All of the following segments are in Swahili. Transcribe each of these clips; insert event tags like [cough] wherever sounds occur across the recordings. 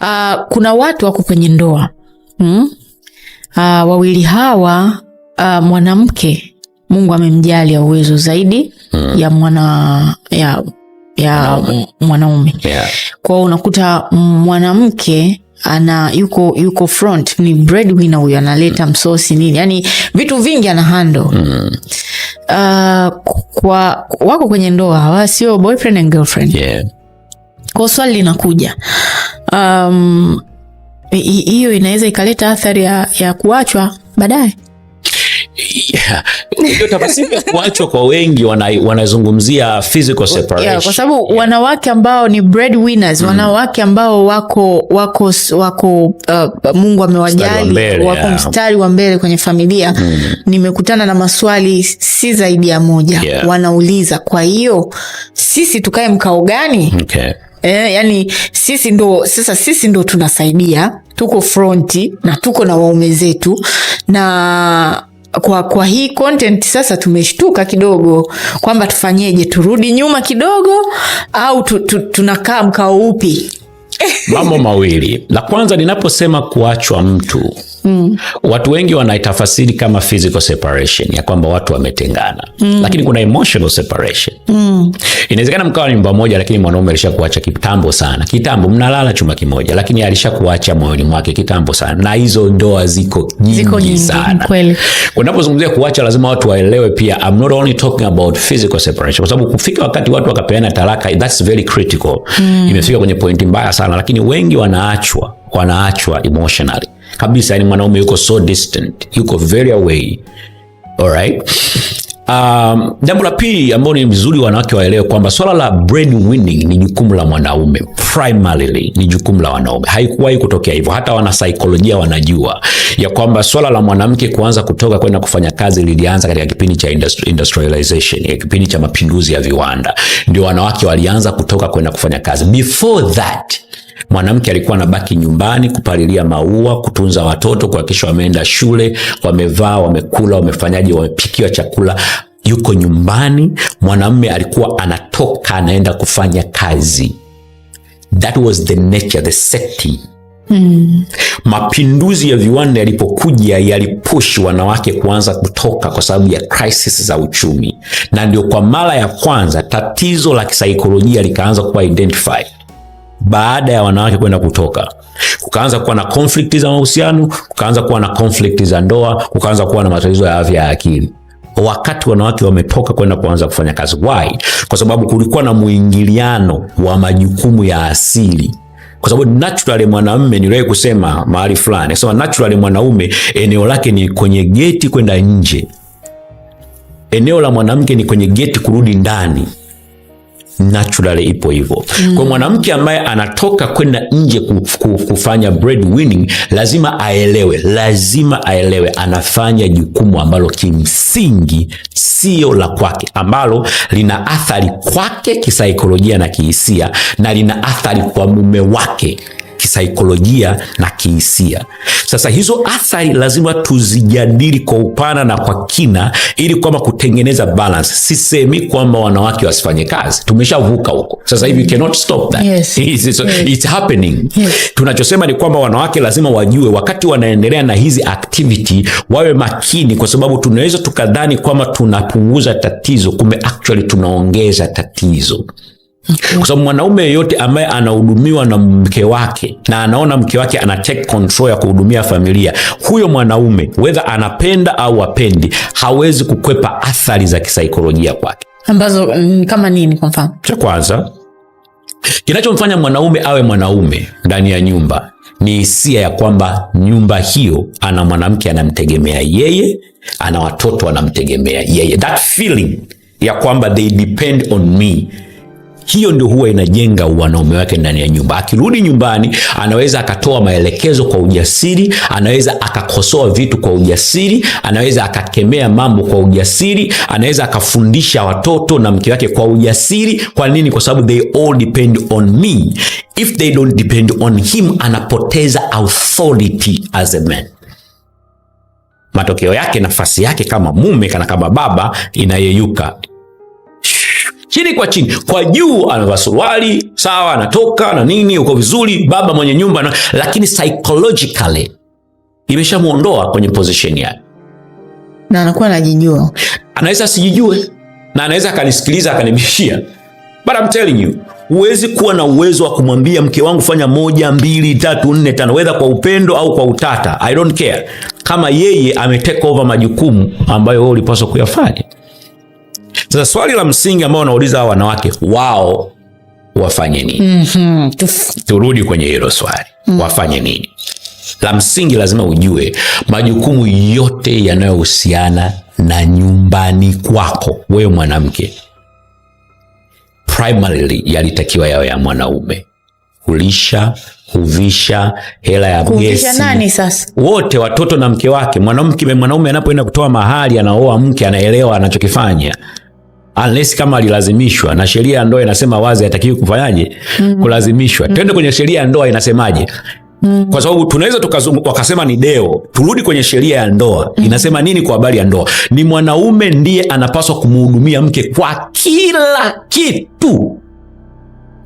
Uh, kuna watu wako kwenye ndoa hmm? Uh, wawili hawa uh, mwanamke Mungu amemjalia uwezo zaidi hmm. ya mwana ya, ya mwanaume yeah. Kwao unakuta mwanamke ana yuko yuko front ni breadwinner huyo, analeta mm. msosi nini, yani vitu vingi ana handle mm. uh, kwa wako kwenye ndoa sio boyfriend and girlfriend yeah. Kwa swali linakuja um, hiyo inaweza ikaleta athari ya, ya kuachwa baadaye. Yeah. Kuachwa kwa wengi wanazungumzia wana physical separation. Yeah, kwa sababu yeah. Wanawake ambao ni breadwinners, mm. Wanawake ambao wako wako wako uh, Mungu amewajali wako yeah. Mstari wa mbele kwenye familia mm. Nimekutana na maswali si zaidi ya moja yeah. Wanauliza, kwa hiyo sisi tukae mkao gani? okay. Eh, yani sisi ndo sasa, sisi ndo tunasaidia, tuko fronti na tuko na waume zetu na kwa, kwa hii content sasa tumeshtuka kidogo kwamba tufanyeje, turudi nyuma kidogo au tu, tu, tunakaa mkao upi? Mambo mawili, la kwanza ninaposema kuachwa mtu Mm. Watu wengi wanaitafasiri kama physical separation, ya kwamba watu wametengana. Mm. Lakini kuna emotional separation. Mm. Inawezekana mkawa ni nyumba moja lakini mwanaume alishakuacha kitambo sana. Kitambo mnalala chuma kimoja lakini alishakuacha moyoni mwake kitambo sana. Na hizo ndoa ziko nyingi, ziko nyingi sana. Kweli. Unapozungumzia kuacha lazima watu waelewe pia I'm not only talking about physical separation kwa sababu kufika wakati watu wakapeana talaka that's very critical. Mm. Imefika kwenye pointi mbaya sana lakini wengi wanaachwa, wanaachwa emotionally kabisa, yani mwanaume yuko so distant, yuko very away. right. Um, jambo la pili ambalo ni vizuri wanawake waelewe kwamba swala la breadwinning ni jukumu la mwanaume, primarily ni jukumu la wanaume. Haikuwahi kutokea hivyo, hata wanasaikolojia wanajua ya kwamba swala la mwanamke kuanza kutoka kwenda kufanya kazi lilianza katika kipindi cha industrialization, ya eh, kipindi cha mapinduzi ya viwanda, ndio wanawake walianza kutoka kwenda kufanya kazi. Before that mwanamke alikuwa anabaki nyumbani kupalilia maua, kutunza watoto, kuhakikisha wameenda shule, wamevaa, wamekula, wamefanyaje, wamepikiwa chakula yuko nyumbani. Mwanamume alikuwa anatoka anaenda kufanya kazi. That was the nature, the setting. Mm. Mapinduzi ya viwanda yalipokuja yalipush wanawake kuanza kutoka kwa sababu ya crisis za uchumi, na ndio kwa mara ya kwanza tatizo la kisaikolojia likaanza kuwa identified baada ya wanawake kwenda kutoka, kukaanza kuwa na conflict za mahusiano, kukaanza kuwa na conflict za ndoa, kukaanza kuwa na matatizo ya afya ya akili wakati wanawake wametoka kwenda kuanza kufanya kazi. Why? Kwa sababu kulikuwa na mwingiliano wa majukumu ya asili kwa sababu naturally mwanamume niliwahi kusema mahali fulani sema, naturally mwanaume eneo lake ni kwenye geti kwenda nje, eneo la mwanamke ni kwenye geti kurudi ndani naturally ipo hivyo mm. Kwa mwanamke ambaye anatoka kwenda nje kufanya winning lazima aelewe, lazima aelewe anafanya jukumu ambalo kimsingi sio la kwake, ambalo lina athari kwake kisaikolojia na kihisia, na lina athari kwa mume wake kisaikolojia na kihisia. Sasa hizo athari lazima tuzijadili kwa upana na kwa kina, ili kwamba kutengeneza balance. Sisemi kwamba wanawake wasifanye kazi, tumeshavuka huko sasa hivi, cannot stop that. Yes. [laughs] It's, it's, yes. It's happening. Yes. Tunachosema ni kwamba wanawake lazima wajue wakati wanaendelea na hizi activity wawe makini, kwa sababu tunaweza tukadhani kwamba tunapunguza tatizo, kumbe actually tunaongeza tatizo. Okay. Kwa sababu mwanaume yeyote ambaye anahudumiwa na mke wake na anaona mke wake ana take control ya kuhudumia familia, huyo mwanaume whether anapenda au apendi, hawezi kukwepa athari za kisaikolojia kwake, ambazo mm, kama nini? Kwa mfano, cha kwanza kinachomfanya mwanaume awe mwanaume ndani ya nyumba ni hisia ya kwamba nyumba hiyo ana mwanamke anamtegemea yeye, ana watoto anamtegemea yeye, that feeling ya kwamba they depend on me hiyo ndio huwa inajenga wanaume wake ndani ya nyumba. Akirudi nyumbani, anaweza akatoa maelekezo kwa ujasiri, anaweza akakosoa vitu kwa ujasiri, anaweza akakemea mambo kwa ujasiri, anaweza akafundisha watoto na mke wake kwa ujasiri. Kwa nini? Kwa sababu they all depend on me. If they don't depend on him, anapoteza authority as a man. Matokeo yake, nafasi yake kama mume kana kama baba inayeyuka chini kwa chini, kwa juu anavaa suruali sawa, anatoka na nini, uko vizuri, baba mwenye nyumba na, lakini psychologically imeshamuondoa kwenye position yake, na anakuwa anajijua. Anaweza asijijue na anaweza akanisikiliza akanibishia, but I'm telling you huwezi kuwa na uwezo wa kumwambia mke wangu fanya moja, mbili, tatu, nne, tano, wedha kwa upendo au kwa utata, I don't care, kama yeye ametake over majukumu ambayo wewe ulipaswa kuyafanya. Sasa swali la msingi ambao wanauliza hawa wanawake wao wafanye nini? mm -hmm. Turudi kwenye hilo swali mm -hmm. wafanye nini? La msingi lazima ujue majukumu yote yanayohusiana na nyumbani kwako wewe mwanamke, primarily yalitakiwa yawe ya mwanaume: kulisha, kuvisha, hela ya gesi, nani sasa, wote watoto na mke wake. Mwanamke mwanaume anapoenda kutoa mahali, anaoa mke, anaelewa anachokifanya unless kama alilazimishwa na sheria ya ndoa inasema wazi, hatakiwi kufanyaje? mm. Kulazimishwa. mm. Twende kwenye sheria ya ndoa inasemaje? Mm. Kwa sababu tunaweza wakasema ni deo. Turudi kwenye sheria ya ndoa mm. inasema nini kwa habari ya ndoa? Ni mwanaume ndiye anapaswa kumhudumia mke kwa kila kitu,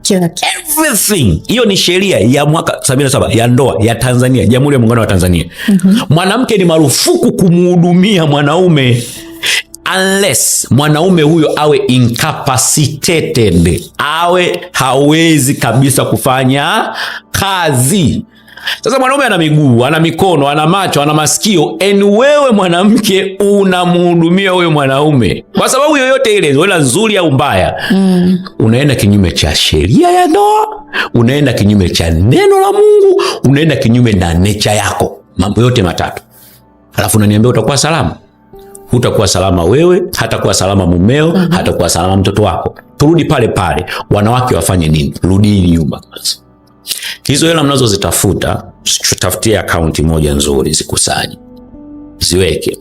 kila kitu. Everything. Hiyo ni sheria ya mwaka 77 ya ndoa ya Tanzania, Jamhuri ya Muungano wa Tanzania. mm -hmm. Mwanamke ni marufuku kumhudumia mwanaume unless mwanaume huyo awe incapacitated, awe hawezi kabisa kufanya kazi. Sasa mwanaume ana miguu, ana mikono, ana macho, ana masikio, en wewe mwanamke unamhudumia huyo mwanaume kwa sababu yoyote ile, wela nzuri au mbaya mm. Unaenda kinyume cha sheria ya ndoa, unaenda kinyume cha neno la Mungu, unaenda kinyume na necha yako, mambo yote matatu, alafu unaniambia utakuwa salama? hutakuwa salama wewe, hatakuwa salama mumeo, mm -hmm. hatakuwa salama mtoto wako. Turudi pale pale, wanawake wafanye nini? Rudini nyuma. Hizo hela mnazozitafuta, tafutie akaunti moja nzuri, zikusanye, ziweke.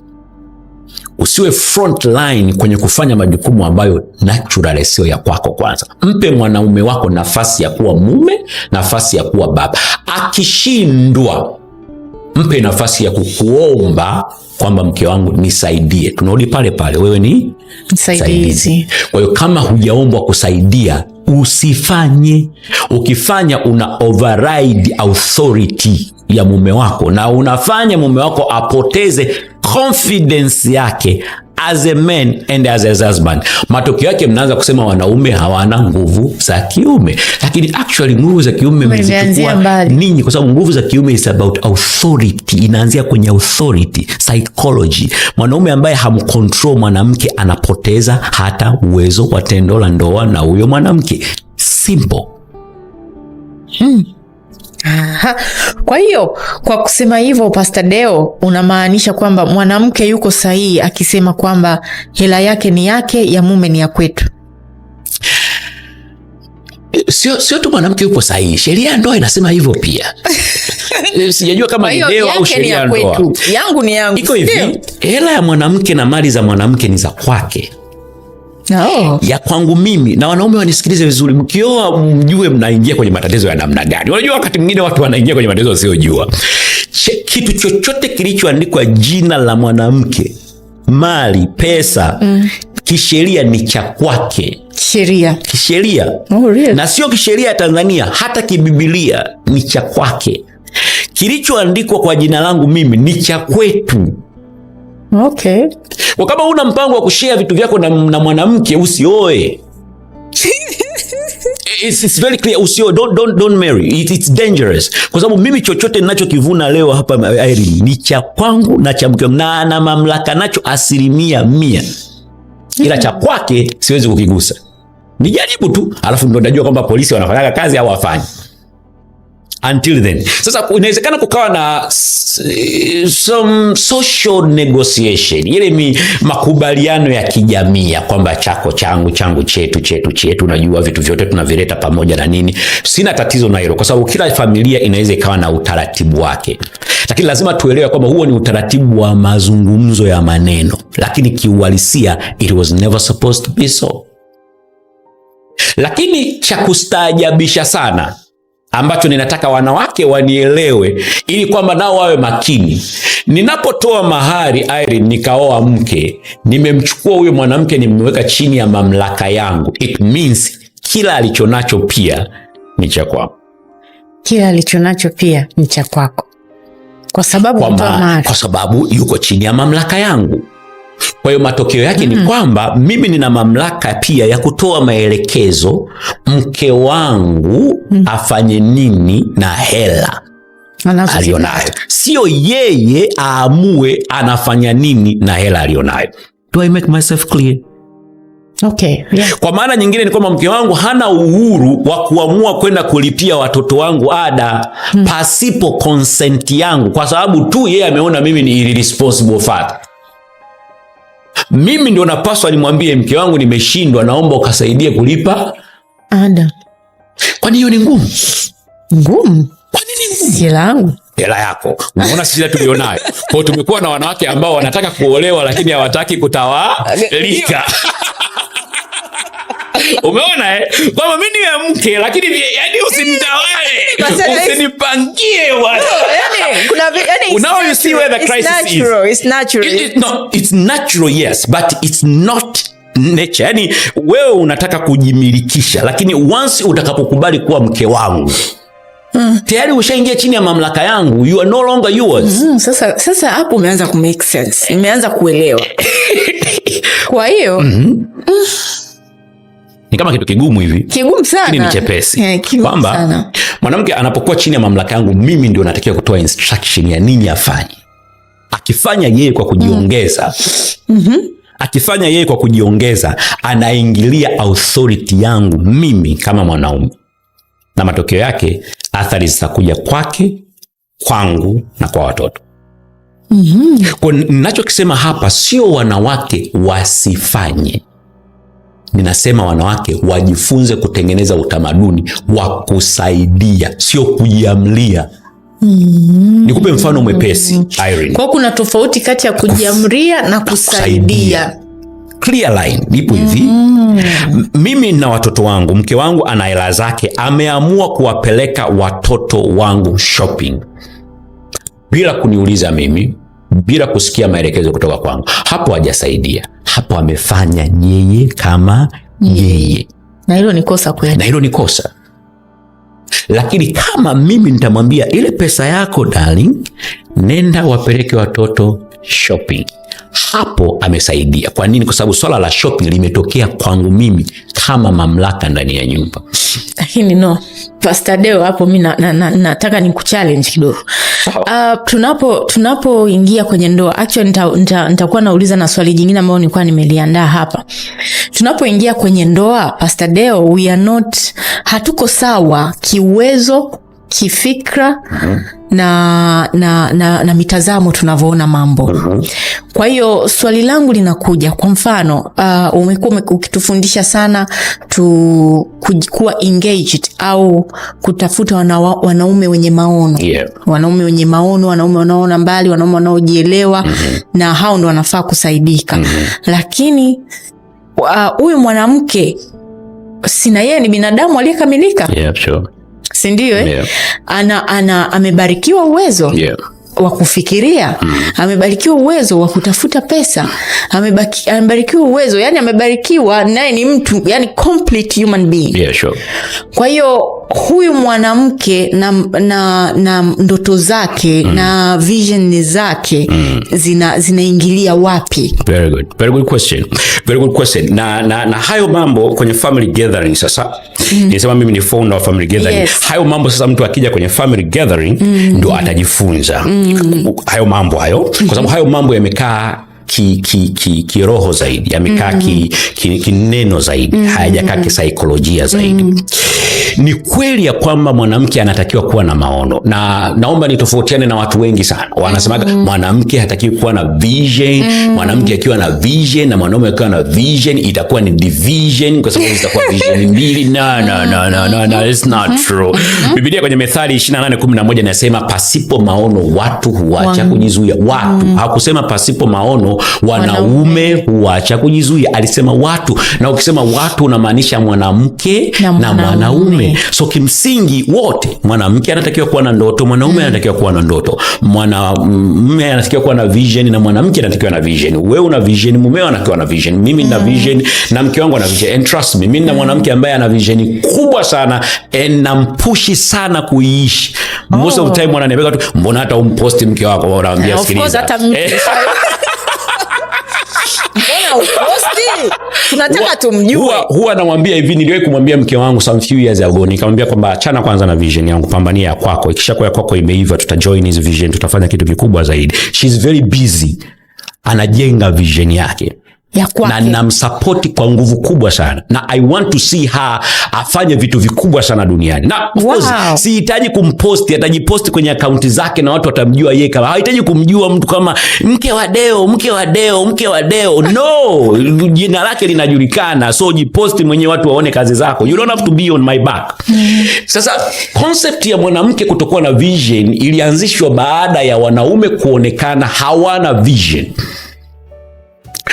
Usiwe front line kwenye kufanya majukumu ambayo naturally sio ya kwako. Kwanza mpe mwanaume wako nafasi ya kuwa mume, nafasi ya kuwa baba. Akishindwa mpe nafasi ya kukuomba kwamba mke wangu nisaidie. Tunarudi pale pale, wewe ni msaidizi. Kwa hiyo kama hujaombwa kusaidia usifanye. Ukifanya una override authority ya mume wako na unafanya mume wako apoteze confidence yake as a man and as a husband. Matokeo yake mnaanza kusema wanaume hawana nguvu za kiume, lakini actually nguvu za kiume mmezichukua ninyi, kwa sababu nguvu za kiume is about authority, inaanzia kwenye authority psychology. Mwanaume ambaye hamcontrol mwanamke anapoteza hata uwezo wa tendo la ndoa na huyo mwanamke simple. Hmm. Aha. Kwa hiyo kwa kusema hivyo Pasta Deo unamaanisha kwamba mwanamke yuko sahihi akisema kwamba hela yake ni yake, ya mume ni ya kwetu. Sio, sio tu mwanamke yuko sahihi, sheria ya ndoa inasema hivyo pia. [laughs] Sijajua kama ni deo au sheria ya ndoa. Yangu ni yangu. Iko hivi, hela ya mwanamke na mali za mwanamke ni za kwake oh, ya kwangu mimi. Na wanaume wanisikilize vizuri, mkioa mjue mnaingia kwenye matatizo ya namna gani. Unajua wakati mwingine watu wanaingia kwenye matatizo wasiojua. Kitu chochote kilichoandikwa jina la mwanamke, mali, pesa, mm. kisheria ni cha kwake kisheria, kisheria. Oh, really? na sio kisheria ya Tanzania, hata kibibilia ni cha kwake. Kilichoandikwa kwa jina langu mimi ni cha kwetu Okay. Kwa kama una mpango wa kushare vitu vyako na, na mwanamke usioe. [laughs] It's, it's very clear usio don't, don't, don't marry. It, it's dangerous. Kwa sababu mimi chochote ninachokivuna leo hapa Irene ni cha kwangu na cha mke wangu na ana mamlaka nacho asilimia mia, ila cha kwake siwezi kukigusa. Nijaribu tu alafu ndo najua kwamba polisi wanafanyaga kazi au wafanyi until then. Sasa inawezekana kukawa na some social negotiation, ile ni makubaliano ya kijamii ya kwamba chako changu changu chetu chetu chetu, unajua vitu vyote tunavileta pamoja na nini. Sina tatizo na hilo, kwa sababu kila familia inaweza ikawa na utaratibu wake, lakini lazima tuelewe kwamba huo ni utaratibu wa mazungumzo ya maneno, lakini kiuhalisia it was never supposed to be so. Lakini cha kustaajabisha sana ambacho ninataka wanawake wanielewe ili kwamba nao wawe makini. Ninapotoa mahari Irene, nikaoa mke, nimemchukua huyo mwanamke, nimemweka chini ya mamlaka yangu. It means kila alichonacho pia ni cha kwako, kila alichonacho pia ni cha kwako, kwa sababu kwa, ma, kwa sababu yuko chini ya mamlaka yangu. Kwa hiyo matokeo yake mm -hmm. ni kwamba mimi nina mamlaka pia ya kutoa maelekezo mke wangu mm -hmm. afanye nini na hela aliyonayo, sio yeye aamue anafanya nini na hela aliyonayo. Do I make myself clear? Okay, yeah. Kwa maana nyingine ni kwamba mke wangu hana uhuru wa kuamua kwenda kulipia watoto wangu ada hmm. pasipo konsenti yangu, kwa sababu tu yeye ameona mimi ni irresponsible father. Mimi ndio napaswa nimwambie mke wangu nimeshindwa, naomba ukasaidie kulipa ada. Kwani hiyo ni ngumu? Ngumu? Kwa nini ngumu? Hela yangu hela yako. Unaona sisi tulionayo. Kwa tumekuwa na wanawake ambao wanataka kuolewa lakini hawataki kutawalika. [laughs] [laughs] Umeona eh? Kwamba mimi niwe mke lakini yaani usinitawale. [laughs] Usinipangie bwana. Yaani kuna yaani Now you see where the crisis it's natural, It's natural. It, it, it's natural yes, but it's not nature. yani wewe unataka kujimilikisha lakini once utakapokubali kuwa mke wangu Mm. Tayari ushaingia chini ya mamlaka yangu. You are no longer yours. Mm -hmm. Sasa sasa hapo umeanza kumake sense. Imeanza kuelewa. [laughs] Kwa hiyo mm -hmm. mm ni kama kitu kigumu hivi, kigumu sana, ni chepesi eh, kwamba mwanamke anapokuwa chini ya mamlaka yangu mimi ndio natakiwa kutoa instruction ya nini afanye. Akifanya yeye kwa kujiongeza mm -hmm. akifanya yeye kwa kujiongeza anaingilia authority yangu mimi kama mwanaume, na matokeo yake athari zitakuja kwake, kwangu na kwa watoto. Mm -hmm. Kwa ninachokisema hapa sio wanawake wasifanye ninasema wanawake wajifunze kutengeneza utamaduni wa kusaidia, sio kujiamlia. Mm. Nikupe mfano mwepesi Irene. Kwa kuna tofauti kati ya kujiamlia na kusaidia. Clear line ipo hivi. Mm. Mimi na watoto wangu, mke wangu ana hela zake, ameamua kuwapeleka watoto wangu shopping bila kuniuliza mimi, bila kusikia maelekezo kutoka kwangu. Hapo hajasaidia hapo amefanya yeye kama yeye, na hilo ni kosa kweli, na hilo ni kosa lakini kama mimi nitamwambia ile pesa yako darling, nenda wapeleke watoto shopping, hapo amesaidia. Kwa nini? Kwa sababu swala la shopping limetokea kwangu mimi kama mamlaka ndani ya nyumba. Lakini no, Pastor Deo, hapo mi nataka na, na, na, kuchallenge kidogo Ah, tunapo tunapoingia kwenye ndoa actually nitakuwa nita, nita nauliza na swali jingine ambayo nilikuwa nimeliandaa hapa. Tunapoingia kwenye ndoa Pastor Deo, we are not, hatuko sawa kiuwezo kifikra mm-hmm. na, na, na, na mitazamo tunavyoona mambo mm-hmm. Kwa hiyo swali langu linakuja kwa mfano uh, umekuwa ukitufundisha sana tu engaged au kutafuta wana, wanaume wenye maono yeah. Wanaume wenye maono, wanaume wanaoona mbali, wanaume wanaojielewa mm-hmm. na hao ndo wanafaa kusaidika mm-hmm. Lakini uh, huyu uh, mwanamke sina yeye ni binadamu aliyekamilika yeah, sure sindio eh? yeah. ana, ana amebarikiwa uwezo yeah wa kufikiria mm. Amebarikiwa uwezo wa kutafuta pesa, amebarikiwa uwezo yani, amebarikiwa naye ni mtu yani complete human being yeah, sure. Kwa hiyo huyu mwanamke na, na, na ndoto zake mm. na vision zake mm. zinaingilia zina, wapi? Very good. Very good question. Very good question. Na, na, na hayo mambo kwenye family gathering sasa mm. nisema mimi ni founder wa family gathering yes. Hayo mambo sasa mtu akija kwenye family gathering mm. ndo atajifunza mm. Mm. hayo mambo hayo, kwa sababu hayo mambo yamekaa kiroho ki, ki, kiroho zaidi amekaa yaani mm -hmm. kineno ki, ki zaidi mm -hmm. hayajakaa kisaikolojia zaidi mm -hmm. Ni kweli ya kwamba mwanamke anatakiwa kuwa na maono, na naomba nitofautiane na watu wengi sana wanasemaga mm -hmm. mwanamke hatakiwi kuwa na vision mm -hmm. mwanamke akiwa na vision na mwanaume akiwa na vision itakuwa ni division, kwa sababu zitakuwa vision [laughs] mbili. No, no, no, no, no, no, mhm. it's not mhm. true mm -hmm. Biblia kwenye Methali 28:11 inasema pasipo maono watu huacha kujizuia. Watu mm. hakusema pasipo maono wanaume huacha kujizuia. Alisema watu, na ukisema watu unamaanisha mwanamke na, na mwanaume. So kimsingi wote, mwanamke anatakiwa kuwa na ndoto, mwanaume mm. anatakiwa kuwa na ndoto, mwanamume anatakiwa kuwa na vision na mwanamke anatakiwa na vision. Wewe una vision, mumeo anakiwa na vision, mimi nina mm. vision na mke wangu ana vision, and trust me, mimi na mm. mwanamke ambaye ana vision kubwa sana and nampushi sana kuiishi. Most of the oh. time wananiambia tu, mbona hata umposti mke wako? Unaambia sikiliza [laughs] uposti, tunataka tumjue. Huwa, namwambia hivi, niliwahi kumwambia mke wangu some few years ago, nikamwambia kwamba achana kwanza na vision yangu, pambania ya kwako, ikishakuwa ya kwako imeiva, tutajoin his vision, tutafanya kitu kikubwa zaidi. She's very busy, anajenga vision yake ya kwake, na namsapoti kwa nguvu kubwa sana, na I want to see her afanye vitu vikubwa sana duniani, na of wow. course wow. Sihitaji kumposti, atajiposti kwenye akaunti zake na watu watamjua yeye, kama hahitaji kumjua mtu kama mke wa Deo, mke wa Deo, mke wa Deo, no [laughs] jina lake linajulikana, so jiposti mwenyewe, watu waone kazi zako, you don't have to be on my back. Sasa concept ya mwanamke kutokuwa na vision ilianzishwa baada ya wanaume kuonekana hawana vision.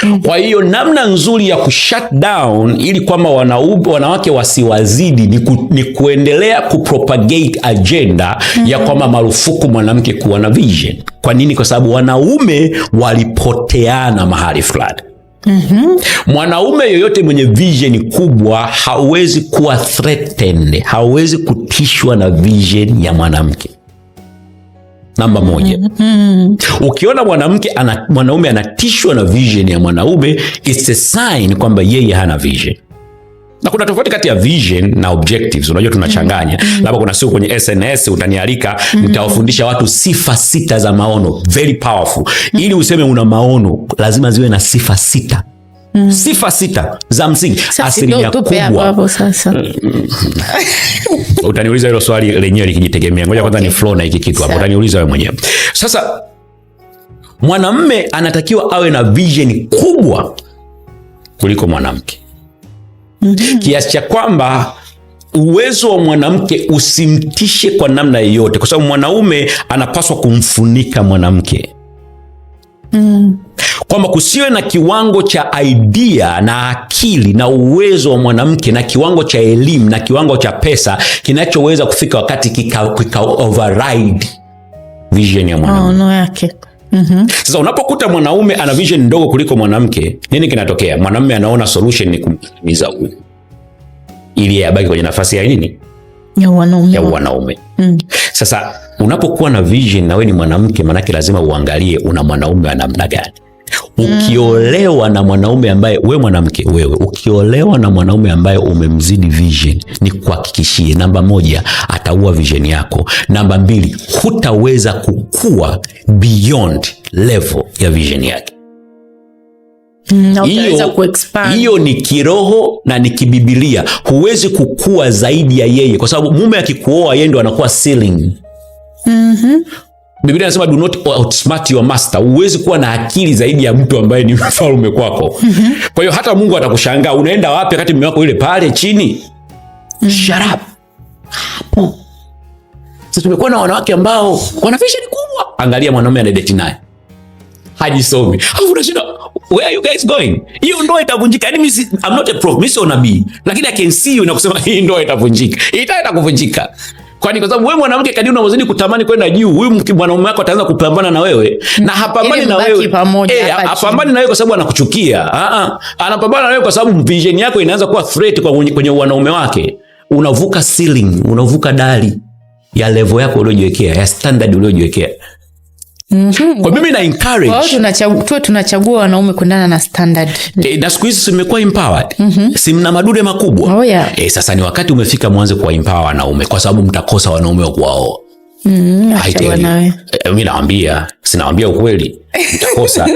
Mm. Kwa hiyo namna nzuri ya kushut down ili kwamba wanawake wasiwazidi ni, ku, ni kuendelea kupropagate agenda mm -hmm. ya kwamba marufuku mwanamke kuwa na vision. Kwa nini? Kwa sababu wanaume walipoteana mahali fulani. Mm -hmm. Mwanaume yoyote mwenye vision kubwa hawezi kuwa threatened, hawezi kutishwa na vision ya mwanamke namba moja. Mm -hmm. Ukiona mwanamke ana, mwanaume anatishwa na vision ya mwanaume it's a sign kwamba yeye hana vision na kuna tofauti kati ya vision na objectives. Unajua tunachanganya mm -hmm. Labda kuna siku kwenye SNS utanialika mm -hmm. Nitawafundisha watu sifa sita za maono very powerful. Ili useme una maono lazima ziwe na sifa sita. Mm. Sifa sita za msingi asilimia kubwa. Mm. Utaniuliza hilo swali lenyewe likijitegemea. Ngoja kwanza ni flow na hiki kitu hapo. Utaniuliza wewe mwenyewe. Sasa mwanamme anatakiwa awe na vision kubwa kuliko mwanamke. Mm -hmm. Kiasi cha kwamba uwezo wa mwanamke usimtishe kwa namna yoyote, kwa sababu mwanaume anapaswa kumfunika mwanamke. Mm kwamba kusiwe na kiwango cha idea na akili na uwezo wa mwanamke na kiwango cha elimu na kiwango cha pesa kinachoweza kufika wakati kika, kika override vision ya mwanamke oh, yake. Mm -hmm. Sasa unapokuta mwanaume ana vision ndogo kuliko mwanamke, nini kinatokea? Mwanamume anaona solution ni kumtimiza huyu ili abaki kwenye nafasi ya nini ya wanaume, ya wanaume. Mm. Sasa unapokuwa na vision na we ni mwanamke, maanake lazima uangalie una mwanaume wa namna gani. Ukiolewa na mwanaume ambaye we mwanamke wewe, ukiolewa na mwanaume ambaye umemzidi vision, ni kuhakikishie, namba moja, ataua vision yako. Namba mbili, hutaweza kukua beyond level ya vision yake. Mm, hiyo ni kiroho na ni kibibilia. Huwezi kukua zaidi ya yeye, kwa sababu mume akikuoa yeye ndo anakuwa ceiling. Mm -hmm. Biblia inasema do not outsmart your master. Huwezi kuwa na akili zaidi ya mtu ambaye ni [laughs] mfalme kwako. Kwa hiyo hata Mungu atakushangaa unaenda wapi wakati mume wako yule pale chini. Mm. Shut up. Hapo. Sasa tumekuwa na wanawake ambao wana vision kubwa. Angalia mwanaume anadeti naye. Hajisomi. Alafu unashinda where are you guys going? Hiyo ndoa itavunjika. Yaani mimi I'm not a prophet, mimi sio nabii. Lakini I can see you na kusema hii ndoa itavunjika. Itaenda kuvunjika. Kwani kwa sababu wewe mwanamke kadri unavyozidi kutamani kwenda juu, huyu mwanaume wako ataanza kupambana na wewe na hapambani yaani na wewe eh, hapambani na wewe kwa sababu anakuchukia. Ah ah, anapambana na wewe kwa sababu vision yako inaanza kuwa threat kwa kwenye wanaume wake. Unavuka ceiling, unavuka dari ya level yako uliojiwekea, ya standard uliojiwekea. Mm -hmm. Kwa mimi na encourage. Kwa tunachagua tunachagua wanaume kuendana na standard. E, na siku hizi simekuwa empowered. Mm -hmm. Si mna madude makubwa. Oh, yeah. E, sasa ni wakati umefika mwanze kuwa empower wanaume kwa sababu mtakosa wanaume wa kuwaoa. Mm, mimi nawaambia, sinawaambia ukweli kosa.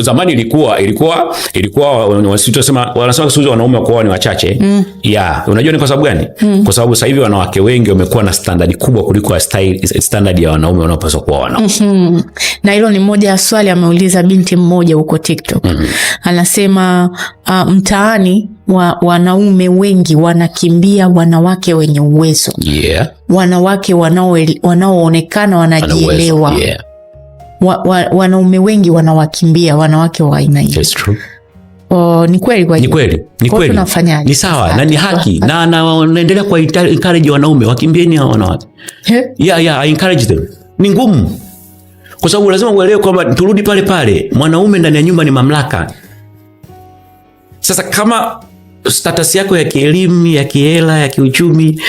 Zamani ilikuwa ilikuwa ilikuwa wanasema wanasema siku wanaume wakuoa ni wachache mm. Yeah, unajua ni kwa sababu gani? Mm. Kwa sababu sasa hivi wanawake wengi wamekuwa na standard kubwa kuliko style standard ya wanaume wanaopaswa kuwa wana mm -hmm. Na hilo ni moja ya swali ameuliza binti mmoja huko TikTok mm -hmm. Anasema uh, mtaani wa wanaume wengi wanakimbia wanawake wenye uwezo yeah. Wanawake wanaoonekana wanajielewa yeah wa, wa, wanaume wengi wanawakimbia wanawake wa aina hii. That's true. ni kweli kwa ni kweli ni kweli ni sawa na ni haki na naendelea kwa encourage wanaume wakimbieni hao wanawake. Yeah, yeah, I encourage them. Ni ngumu kwa sababu lazima uelewe kwamba turudi pale pale, mwanaume ndani ya nyumba ni mamlaka. Sasa kama status yako ya kielimu, ya kihela, ya kiuchumi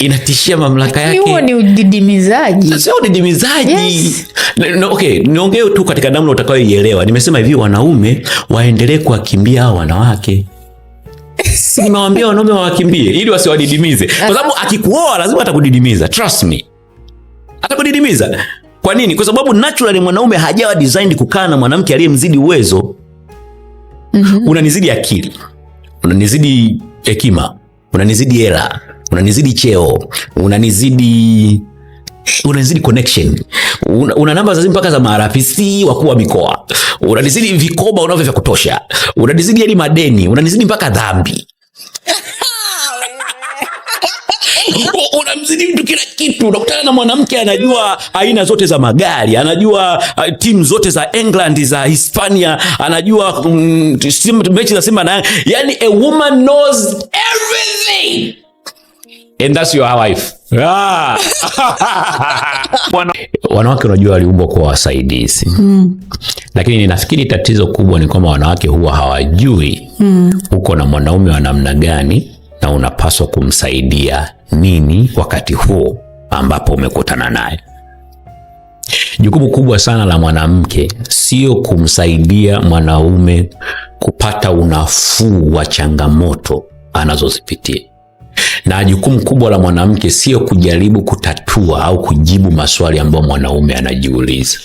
inatishia mamlaka yake. Huo ni udidimizaji, sio udidimizaji. Yes. No, okay, niongee tu katika namna utakayoielewa. Nimesema hivi, wanaume waendelee kuwakimbia hao wanawake [laughs] Nimewambia wanaume wawakimbie ili wasiwadidimize, kwa ah. sababu akikuoa lazima atakudidimiza. Trust me, atakudidimiza. Kwa nini? Kwa sababu naturally mwanaume hajawa designed kukaa na mwanamke aliyemzidi uwezo. mm Unanizidi akili, unanizidi hekima, unanizidi hela unanizidi cheo, unanizidi unanizidi connection, una, una namba za simu mpaka za marafc wakuu wa mikoa, unanizidi vikoba unavyo vya kutosha, unanizidi hadi madeni, unanizidi mpaka dhambi [laughs] unamzidi mtu kila kitu. Unakutana na mwanamke anajua aina zote za magari, anajua uh, timu zote za England, za Hispania, anajua mm, mechi za Simba na yani, a woman knows everything and that's your life. Ah. [laughs] Wanawake unajua waliumbwa kuwa wasaidizi mm. Lakini ninafikiri tatizo kubwa ni kwamba wanawake huwa hawajui mm. uko na mwanaume wa namna gani na unapaswa kumsaidia nini wakati huo ambapo umekutana naye. Jukumu kubwa sana la mwanamke sio kumsaidia mwanaume kupata unafuu wa changamoto anazozipitia na jukumu kubwa la mwanamke sio kujaribu kutatua au kujibu maswali ambayo mwanaume anajiuliza.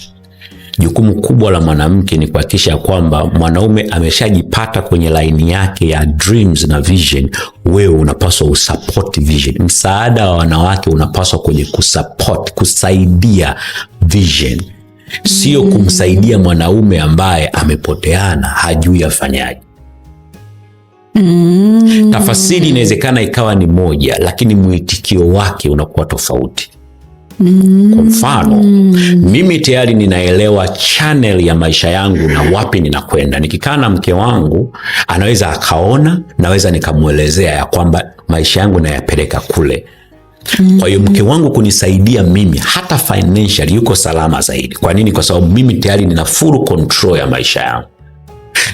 Jukumu kubwa la mwanamke ni kuhakikisha kwamba mwanaume ameshajipata kwenye laini yake ya dreams na vision. Wewe unapaswa usupport vision. Msaada wa wanawake unapaswa kwenye kusupport, kusaidia vision, sio kumsaidia mwanaume ambaye amepoteana, hajui afanyaje. Mm. Tafasiri inawezekana ikawa ni moja, lakini mwitikio wake unakuwa tofauti. Mm. Kwa mfano, mimi tayari ninaelewa channel ya maisha yangu na wapi ninakwenda. Nikikaa na mke wangu anaweza akaona, naweza nikamwelezea ya kwamba maisha yangu nayapeleka kule. Kwa hiyo mke wangu kunisaidia mimi hata financially yuko salama zaidi. Kwa nini? Kwa sababu mimi tayari nina full control ya maisha yangu.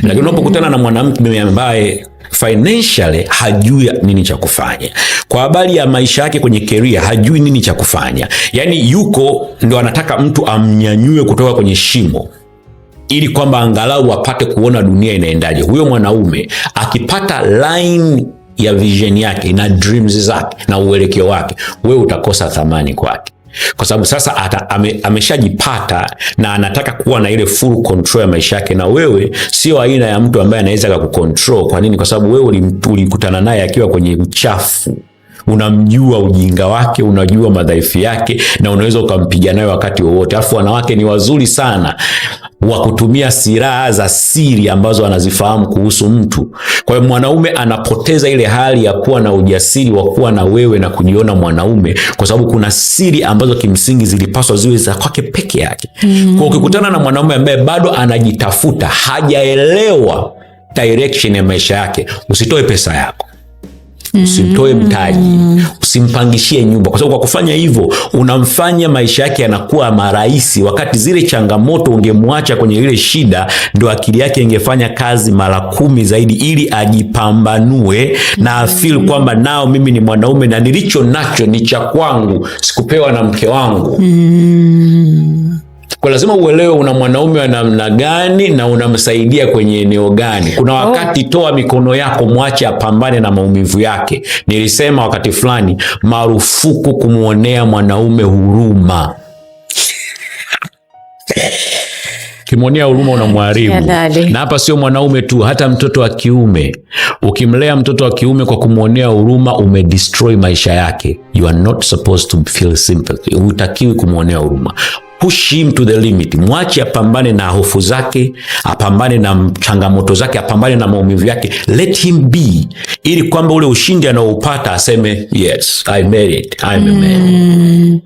Lakini unapokutana na mwanamke ambaye financially hajui nini cha kufanya kwa habari ya maisha yake kwenye keria, hajui nini cha kufanya, yaani yuko ndo anataka mtu amnyanyue kutoka kwenye shimo ili kwamba angalau apate kuona dunia inaendaje. Huyo mwanaume akipata line ya vision yake na dreams zake na uelekeo wake, wewe utakosa thamani kwake kwa sababu sasa ame, ameshajipata na anataka kuwa na ile full control ya maisha yake, na wewe sio aina ya mtu ambaye anaweza kukontrol. Kwa nini? Kwa sababu wewe ulikutana naye akiwa kwenye uchafu unamjua ujinga wake, unajua madhaifu yake, na unaweza ukampiga naye wakati wowote. Alafu wanawake ni wazuri sana wa kutumia silaha za siri ambazo anazifahamu kuhusu mtu. Kwa hiyo mwanaume anapoteza ile hali ya kuwa na ujasiri wa kuwa na wewe na kujiona mwanaume, kwa sababu kuna siri ambazo kimsingi zilipaswa ziwe za kwake peke yake. Mm. Kwa ukikutana na mwanaume ambaye bado anajitafuta, hajaelewa direction ya maisha yake, usitoe pesa yako Usimtoe mtaji, mm. usimpangishie nyumba, kwa sababu kwa kufanya hivyo unamfanya maisha yake yanakuwa marahisi, wakati zile changamoto ungemwacha kwenye ile shida, ndo akili yake ingefanya kazi mara kumi zaidi, ili ajipambanue na mm. afil kwamba nao mimi ni mwanaume na nilicho nacho ni cha kwangu, sikupewa na mke wangu. Mm. Kwa lazima uelewe una mwanaume wa namna gani na unamsaidia kwenye eneo gani. Kuna oh. wakati toa mikono yako, mwache apambane na maumivu yake. Nilisema wakati fulani, marufuku kumwonea mwanaume huruma. Ukimwonea huruma unamharibu. Na hapa sio mwanaume tu, hata mtoto wa kiume. Ukimlea mtoto wa kiume kwa kumwonea huruma, umedestroy maisha yake. You are not supposed to feel sympathy. Hutakiwi kumwonea huruma push him to the limit, mwache apambane na hofu zake, apambane na changamoto zake, apambane na maumivu yake, let him be, ili kwamba ule ushindi anaoupata aseme yes I made it, I'm a man mm.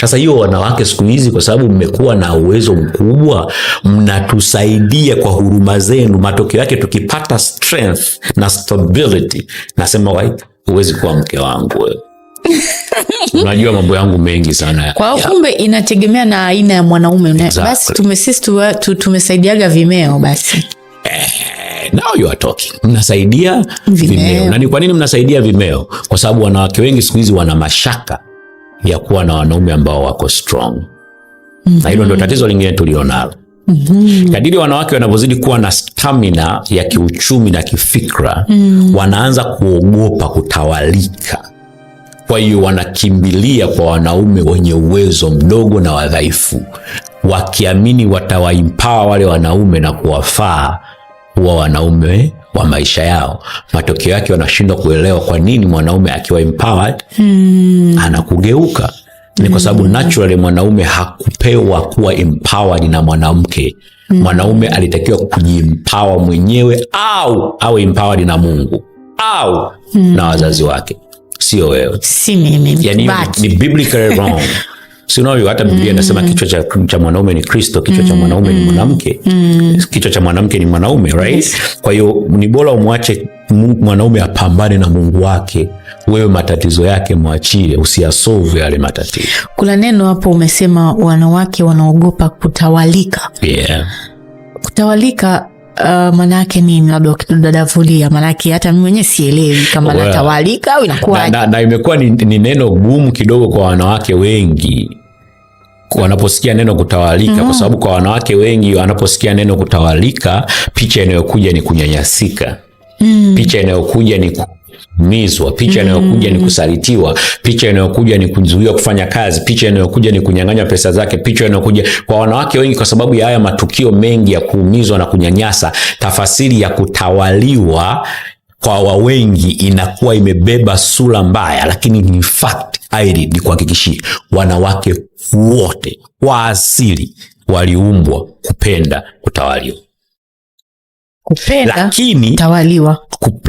Sasa hiyo wanawake siku hizi, kwa sababu mmekuwa na uwezo mkubwa, mnatusaidia kwa huruma zenu. Matokeo yake tukipata strength na stability, nasema wai huwezi kuwa mke wangu wewe unajua mambo yangu mengi sana. Kwa hiyo kumbe inategemea na aina ya mwanaume exactly. Basi tumesisi tu, tumesaidiaga vimeo basi eh, Now you are talking. Mnasaidia vimeo, vimeo. Na ni kwa nini mnasaidia vimeo? Kwa sababu wanawake wengi siku hizi wana mashaka ya kuwa na wanaume ambao wako strong mm -hmm. Na hilo ndio mhm. tatizo lingine tulionalo mm -hmm. Kadiri wanawake wanavyozidi kuwa na stamina ya kiuchumi na kifikra mm -hmm. Wanaanza kuogopa kutawalika kwa hiyo wanakimbilia kwa wanaume wenye uwezo mdogo na wadhaifu, wakiamini watawaimpawa wale wanaume na kuwafaa kuwa wanaume wa maisha yao. Matokeo yake wanashindwa kuelewa kwa nini mwanaume akiwa empowered hmm, anakugeuka. Ni kwa sababu hmm. naturally mwanaume hakupewa kuwa empowered na mwanamke. Hmm. Mwanaume alitakiwa kujimpawa mwenyewe au awe empowered na Mungu au hmm, na wazazi wake sio wewe, si mimi, yani ni biblical [laughs] wrong si unajua hata Biblia mm. inasema mm. kichwa cha, cha mwanaume ni Kristo, kichwa mm. cha mwanaume mm. ni mwanamke mm. kichwa cha mwanamke ni mwanaume right? Yes. Kwa hiyo ni bora umwache mwanaume apambane na Mungu wake, wewe matatizo yake mwachie, usiyasolve yale matatizo. Kuna neno hapo umesema wanawake wanaogopa kutawalika. Yeah. Kutawalika Uh, manake nini labda ukitudadavulia, manake hata mimi mwenyewe sielewi kama well, natawalika au inakuwaje, na, na, na imekuwa ni, ni neno gumu kidogo kwa wanawake wengi wanaposikia neno kutawalika mm -hmm. Kwa mhm. sababu kwa wanawake wengi wanaposikia neno kutawalika, picha inayokuja ni kunyanyasika mm. Picha inayokuja ni kuumizwa, picha inayokuja ni mm. kusalitiwa, picha inayokuja ni kuzuiwa kufanya kazi, picha inayokuja ni kunyang'anywa pesa zake, picha inayokuja kwa wanawake wengi, kwa sababu ya haya matukio mengi ya kuumizwa na kunyanyasa, tafasiri ya kutawaliwa kwa wa wengi inakuwa imebeba sura mbaya, lakini ni fact aidi, ni kuhakikishia wanawake wote kwa asili waliumbwa kupenda kutawaliwa, kupenda, lakini tawaliwa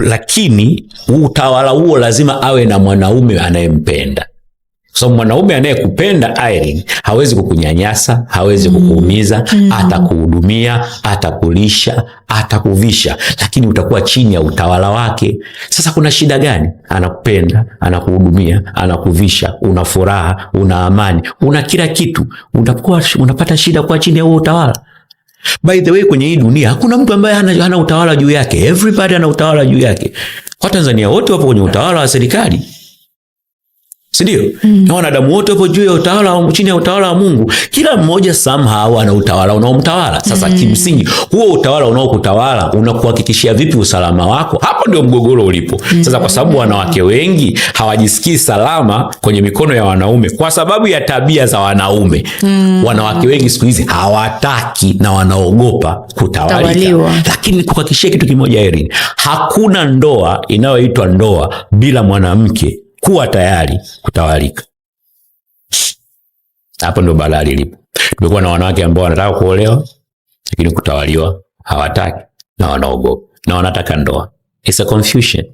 lakini utawala huo lazima awe na mwanaume anayempenda kwa sababu mwanaume anayekupenda Irene hawezi kukunyanyasa, hawezi mm. kukuumiza mm. Atakuhudumia, atakulisha, atakuvisha, lakini utakuwa chini ya utawala wake. Sasa kuna shida gani? Anakupenda, anakuhudumia, anakuvisha, una furaha, una amani, una kila kitu. Unakuwa unapata shida kwa chini ya huo utawala. By the way, kwenye hii dunia hakuna mtu ambaye hana, hana utawala juu yake. Everybody ana utawala juu yake. Watanzania wote wapo kwenye utawala wa serikali sindio mm. na wanadamu wote wapo juu ya utawala, chini ya utawala wa Mungu. Kila mmoja somehow ana utawala unaomtawala. Sasa mm. kimsingi huo utawala unaokutawala unakuhakikishia vipi usalama wako? Hapo ndio mgogoro ulipo mm. sasa, kwa sababu wanawake wengi hawajisikii salama kwenye mikono ya wanaume kwa sababu ya tabia za wanaume mm. wanawake wengi siku hizi hawataki na wanaogopa kutawalika. lakini kuhakikishia kitu kimoja Erin, hakuna ndoa inayoitwa ndoa bila mwanamke kuwa tayari kutawalika. Hapo ndo balaa lilipo. Tumekuwa na wanawake ambao wanataka kuolewa lakini kutawaliwa hawataki, na wanaogopa na wanataka ndoa. It's a confusion.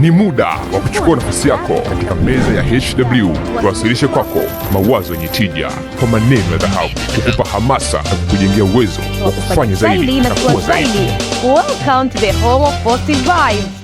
Ni muda wa kuchukua nafasi yako katika meza ya HW, tuwasilishe kwako mawazo yenye tija kwa maneno ya dhahabu, kukupa hamasa na kukujengea uwezo wa kufanya zaidi na kuwa zaidi. Welcome to the home of positive vibes.